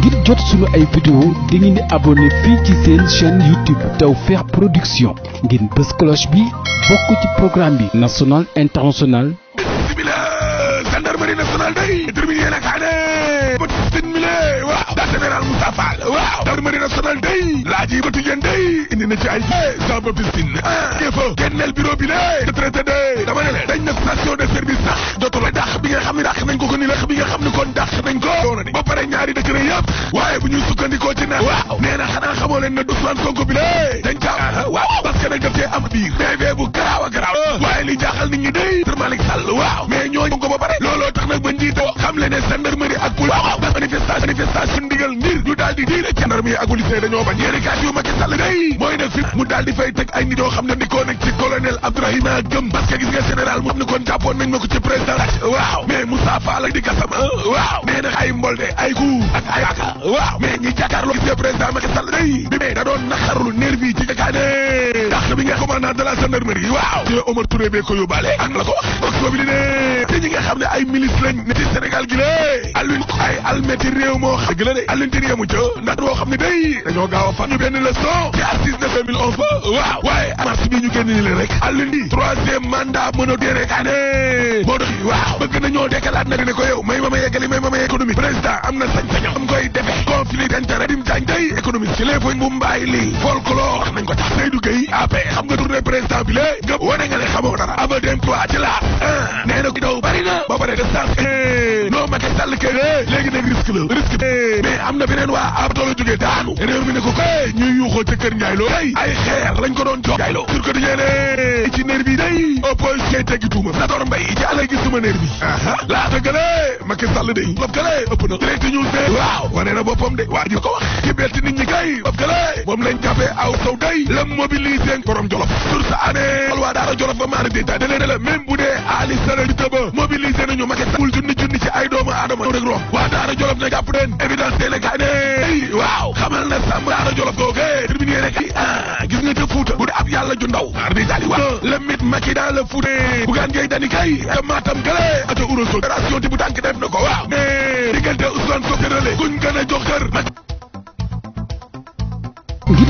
ngir jot sunu ay vidéo di ngeen di fii ci seen chaîne YouTube Tawfekh Production ngeen bës cloche bi bokk ci programme bi national international day terminé yéen a kaane général Moussa day laaj yi bëtu yéen day indi na ci ay Jean Baptiste Tine ah kéfa kennel bureau bi le de traité de dama ne leen dañ na station de service na dàq bi nga xam ne kon dàq nañ ko doona di ba pare ñaari dëkk na waaye bu ñu sukkandikoo ci na waaw nee xanaa xamoo ne Ousmane Sonko bi lé dañ caa waaw parce que nag daf cee am biir PV bu garaaw a garaaw ah. waaye li jaaxal nit ñi day Sër Malick waaw mais ñooñu ko ba pare looloo tax nag ba njiitoo xam le ne gendarmerie ak pul waaw manifestation manifestation ndigal daal di diine gendarmerie ak policier dañoo bañ yéenekaay yu Macky Sall day mooy ne fi mu daal di fay teg ay nit yoo xam ne di ko nekk ci colonel Abdourahima Gëm parce que gis nga général mu am ni kon ay mbolde ay ku ak ay aka waaw mais ñi jàkkaarloo gis nga président Macky Sall day bi mais da doon naqarlu nervi ci jëkkaane ndax bi nga commandant de la gendarmerie waaw ci Omar Touré bee ko la ko wax boobu li ne xam gi lé alune ay almeti réew moo xam gi la de yo ndax boo xam ne day dañoo gaaw a fàttali benn leçon ci assise de 2011 ba waaw waaye mars bi ñu génn ni le rek àllundi troisième mandat mën a déere kaane moo dox waaw bëgg nañoo dekkalaat nag ne ko yow may ma ma yeggali may ma ma économie président am na sañ-sañam am koy defee conflit d'intérêt dim jaañ day économie ci les foñ bu mbaay lii folklore wax nañ ko tax Seydou Gueye AP xam nga tournée président bi lé nga wane nga ne xamoo dara amal d'emploi ci risque eh. am na beneen waa abto la jógee daanu réew mi ne ko koy ñuy yuuxoo ca kër Ndiaye Lo tey ay xeer lañ ko doon jox Ndiaye Lo sur ko diñee ne ci nerf bi day opposition teggi tuuma Sador Mbaye ci àllay gis sama nerf bi aha laata gëlee Macky Sall day bopp gëlee ëpp na direct ñu ne waaw wane na boppam de waa ji ko wax ci betti nit ñi kay bopp gëlee moom lañ jàppee aw taw day la mobiliser borom Jolof sur sa année wal waa daara Jolof ba maana déta dalee na la ay doomu aadama ñëw rek rox waa daara jolof ne jàpp leen évidence tey kaay ne waaw xamal na sàmm daara jolof googe tribune yee rek ah gis nga te fuuta bu dee ab yàlla ju ndaw ar di tali waa le maki dans le fuuta bugaan ngay dani kay te maatam gale ata urosol opération ti bu tànk def na ko waaw ne diggante Ousmane Sonko kuñ gën a jox kër